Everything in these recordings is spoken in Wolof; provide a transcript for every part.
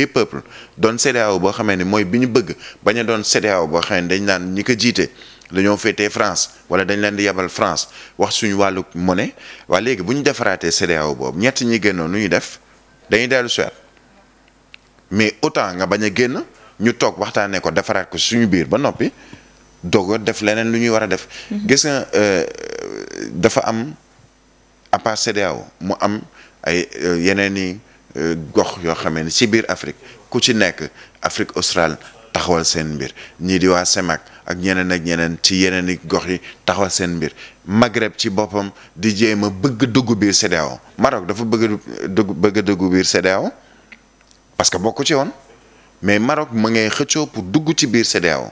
des peuples doon CEDEAO boo xamee ne mooy bi ñu bëgg bañ a doon CEDEAO boo xamee ne dañ naan ñi ko jiite lañoo féetee France wala dañ leen di yebal France wax suñu wàllu monnaie waa léegi bu ñu defaraatee CEDEAO boobu ñett ñi génnoon nu ñuy def dañuy dellu soit mais autant nga bañ a génn ñu toog waxtaanee ko defaraat ko suñu biir ba noppi doog def leneen lu ñuy war a def. Mm-hmm. gis nga euh, dafa am à part CEDEAO mu am ay euh, yeneen i. Euh, gox yoo xamee ni ci biir Afrique ku ci nekk Afrique australe taxawal seen mbir ñii di waa semag ak ñeneen ak ñeneen ci yeneen i gox yi taxawal seen mbir Maghreb ci boppam di jéem a bëgg dugg biir CEDEAO Maroc dafa bëgg dugg bëgg a dugg biir CEDEAO parce que bokku ci woon mais Maroc mu ngay xëccoo pour dugg ci biir CEDEAO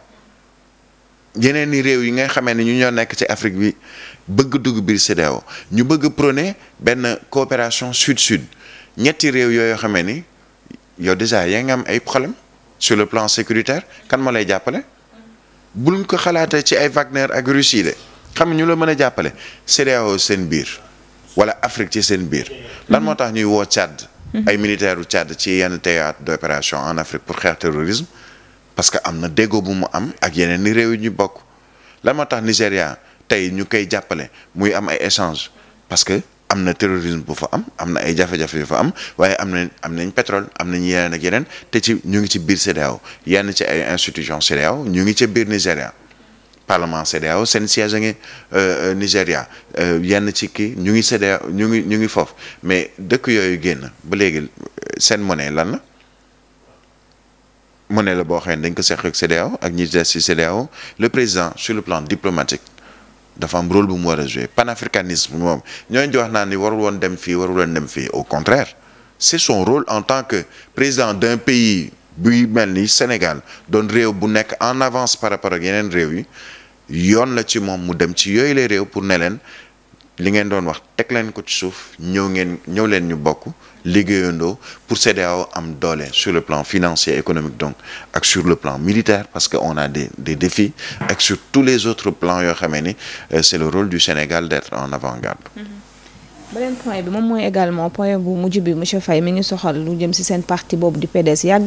yeneen i réew yi ngay xamee ne ñu ñoo nekk ci Afrique bi bëgg dugg biir CEDEAO ñu bëgg prôné benn coopération sud-sud ñetti réew yooyu xamee ni yow déjà yaa ngi am ay problème sur le plan sécuritaire kan ma lay jàppale bu buñ ko xalaatee ci ay Wagner ak Russie de xam ñu la mën a jàppale CEDEAO seen biir wala Afrique ci seen biir lan moo tax ñuy woo Tchad mm-hmm. ay militaire u Tchad ci yenn théâtre d'opération en Afrique pour xeex terrorisme parce que am na déggoo bu mu am ak yeneen ni réew yu ñu bokk lan moo tax Nigéria tey ñu koy jàppale muy am ay échange parce que am na terrorisme bu fa am am na ay jafe-jafe yu fa am waaye am na am nañ pétrole am nañ yeneen ak yeneen te ci ñu ngi ci biir CEDEAO yenn ci ay institution CEDEAO ñu ngi ci biir Nigéria parlement CEDEAO seen siège a ngi euh, euh, Nigéria euh, yenn ci ki ñu ngi CEDEAO ñu ngi ñu ngi foofu mais dëkk yooyu génn ba léegi seen monnaie lan la monnaie la boo xam ne dañ ko seq ak CEDEAO ak ñi des ci le président sur le plan diplomatique dafa am rôle bu mu war a jouer panafricanisme moom ñooñu di wax naan ni warul woon dem fii warul woon dem fii au contraire c'est son rôle en tant que président d'un pays buy mel ni Sénégal doon réew bu nekk en avance par rapport ak yeneen réew yi yoon la ci moom mu dem ci yooyu les réew pour ne leen li ngeen doon wax teg leen ko ci suuf ñëw ngeen ñëw leen ñu bokk liggéeyandoo pour CEDEAO am doole sur le plan financier économique donc ak sur le plan militaire parce que on a des des défis ak sur tous les autres plans yoo xamee ni euh, c'est le rôle du Sénégal d'être en avant-garde mhm. beneen point bi moom mooy également point bu mujj bi monsieur Faye mi ngi soxal lu jëm ci seen parti boobu du PDS